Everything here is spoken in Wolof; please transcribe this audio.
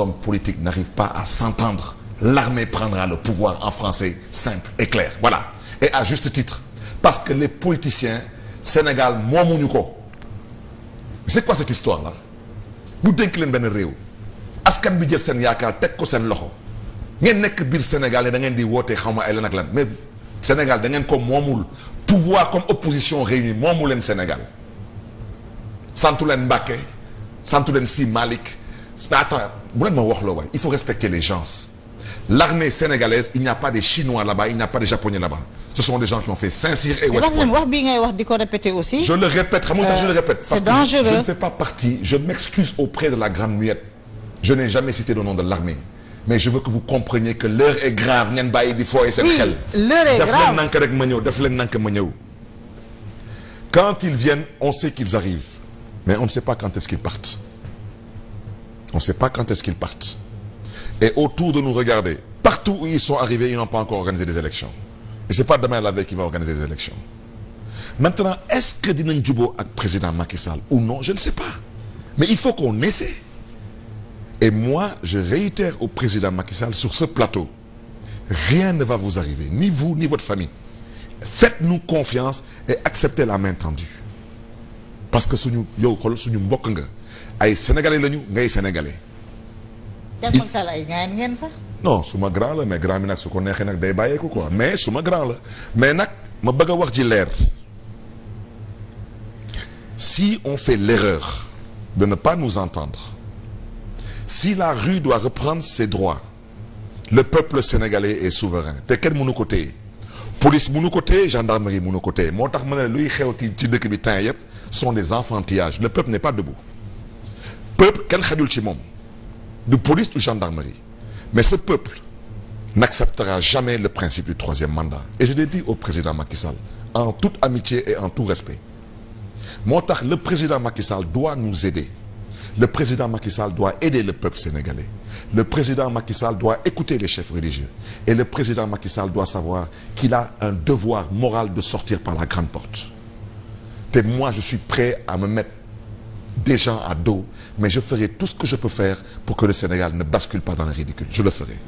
hommes politique n'arrivent pas à s'entendre l'armée prendra le pouvoir en français simple et clair voilà et à juste titre parce que les politiciens Sénégal moomuñu ko c'est quoi cette histoire là bu dénk leen benn réew askan bi jël seen yaakaar teg ko seen loxo ngeen nekk biir Sénégal ne da ngeen di wootee xaw ma ay lan ak mais Sénégal da ngeen ko moomul pouvoir comme opposition réunie moomu leen Sénégal santu leen Mbàkke santu leen Si Malick mais attends wax loo waay il faut respecter les gens l'armée sénégalaise il n'y a pas des chinois là-bas il n'y a pas des japonais là-bas ce sont des gens qui ont fait Saint-Cyr et West Point je le répète euh, je ne fais pas partie je m'excuse auprès de la grande muette. je n'ai jamais cité le nom de l'armée mais je veux que vous compreniez que l'heure est grave ngeen bàyyi di fooy seen xel. l'heure est grave daf leen nank rek ma ñëw daf leen nank ma ñëw. quand ils viennent on sait qu'ils arrivent mais on ne sait pas quand on ne sait pas quand est-ce qu'ils partent et autour de nous regarder partout où ils sont arrivés ils n'ont pas encore organisé des élections et c'est pas demain la veille qu'ils vont organiser des élections maintenant est-ce que dinañ juboo ak président Macky Sall ou non je ne sais pas mais il faut qu'on essaie et moi je réitère au président Macky Sall sur ce plateau rien ne va vous arriver ni vous ni votre famille faites-nous confiance et acceptez la main t parce que suñu yow xool suñu mbokk nga ay sénégalais lañu ngay sénégalais. jàppal Sall ay suma grand la mais grand bi nag su ko neexee nag day bàyyeeku quoi mais suma grand la mais nag ma bëgg a wax ci leer si on fait l'erreur de ne pas nous entendre si la rue doit reprendre ses droits le peuple sénégalais est souverain te kenn mënu ko téye. police mënu ko téye gendarmerie mënu ko téye moo tax ma ne luy xew ci dëkk bi temps yëpp sont des enfantillages le peuple n'est pas debout peuple kenn xajul ci moom du police du gendarmerie mais ce peuple n'acceptera jamais le principe du troisième mandat et je l'ai dit au président Macky Sall en toute amitié et en tout respect moo tax le président Macky Sall doit nous aider Le président Macky Sall doit aider le peuple sénégalais. Le président Macky Sall doit écouter les chefs religieux. Et le président Macky Sall doit savoir qu'il a un devoir moral de sortir par la grande porte. Et moi, je suis prêt à me mettre des gens à dos, mais je ferai tout ce que je peux faire pour que le Sénégal ne bascule pas dans le ridicule. Je le ferai.